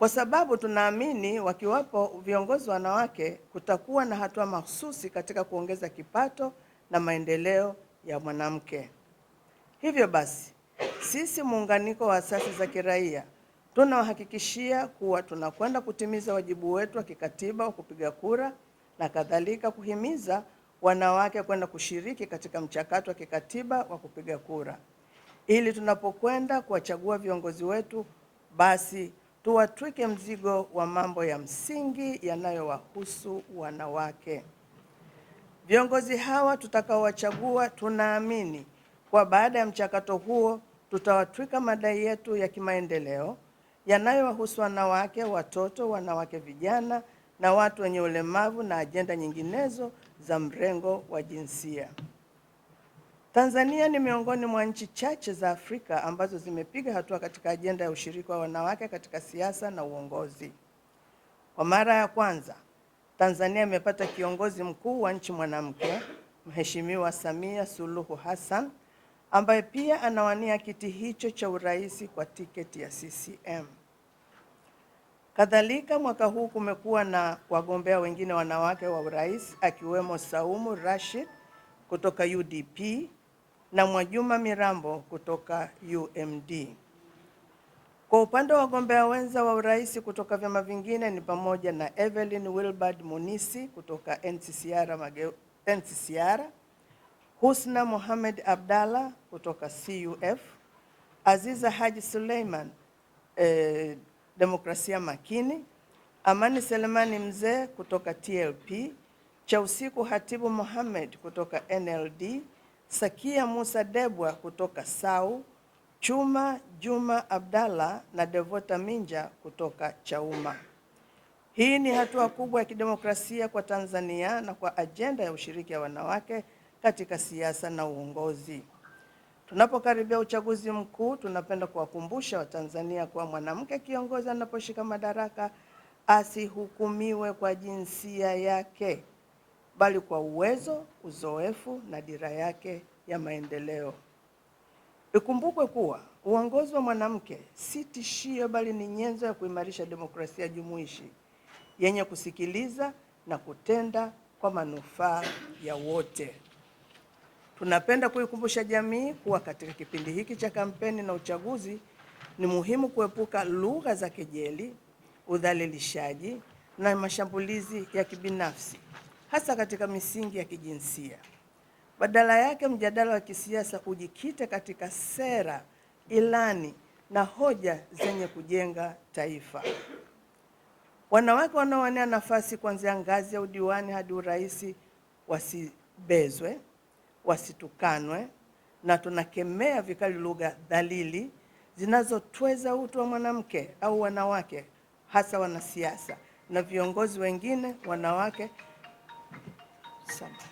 kwa sababu tunaamini wakiwapo viongozi wanawake kutakuwa na hatua mahususi katika kuongeza kipato na maendeleo ya mwanamke. Hivyo basi, sisi muunganiko wa asasi za kiraia tunawahakikishia kuwa tunakwenda kutimiza wajibu wetu wa kikatiba wa kupiga kura na kadhalika, kuhimiza wanawake kwenda kushiriki katika mchakato wa kikatiba wa kupiga kura, ili tunapokwenda kuwachagua viongozi wetu basi tuwatwike mzigo wa mambo ya msingi yanayowahusu wanawake. Viongozi hawa tutakaowachagua, tunaamini kwa baada ya mchakato huo tutawatwika madai yetu ya kimaendeleo yanayowahusu wanawake, watoto, wanawake vijana na watu wenye ulemavu na ajenda nyinginezo za mrengo wa jinsia. Tanzania ni miongoni mwa nchi chache za Afrika ambazo zimepiga hatua katika ajenda ya ushiriki wa wanawake katika siasa na uongozi. Kwa mara ya kwanza, Tanzania imepata kiongozi mkuu wa nchi mwanamke, Mheshimiwa Samia Suluhu Hassan ambaye pia anawania kiti hicho cha urais kwa tiketi ya CCM. Kadhalika, mwaka huu kumekuwa na wagombea wengine wanawake wa urais akiwemo Saumu Rashid kutoka UDP na Mwajuma Mirambo kutoka UMD. Kwa upande wa wagombea wenza wa urais kutoka vyama vingine ni pamoja na Evelyn Wilbard Munisi kutoka NCCR, Mage, NCCR, Husna Mohamed Abdalla kutoka CUF, Aziza Haji Suleiman eh, Demokrasia Makini, Amani Selemani Mzee kutoka TLP, Chausiku Hatibu Mohamed kutoka NLD Sakia Musa Debwa kutoka Sau, Chuma Juma Abdalla na Devota Minja kutoka Chauma. Hii ni hatua kubwa ya kidemokrasia kwa Tanzania na kwa ajenda ya ushiriki wa wanawake katika siasa na uongozi. Tunapokaribia uchaguzi mkuu, tunapenda kuwakumbusha Watanzania kuwa mwanamke kiongozi anaposhika madaraka asihukumiwe kwa jinsia yake bali kwa uwezo, uzoefu na dira yake ya maendeleo. Ikumbukwe kuwa uongozi wa mwanamke si tishio, bali ni nyenzo ya kuimarisha demokrasia jumuishi yenye kusikiliza na kutenda kwa manufaa ya wote. Tunapenda kuikumbusha jamii kuwa katika kipindi hiki cha kampeni na uchaguzi ni muhimu kuepuka lugha za kejeli, udhalilishaji na mashambulizi ya kibinafsi hasa katika misingi ya kijinsia. Badala yake, mjadala wa kisiasa ujikite katika sera, ilani na hoja zenye kujenga taifa. Wanawake wanaowania nafasi kuanzia ngazi ya udiwani hadi urais wasibezwe, wasitukanwe, na tunakemea vikali lugha dhalili zinazotweza utu wa mwanamke au wanawake, hasa wanasiasa na viongozi wengine wanawake Something.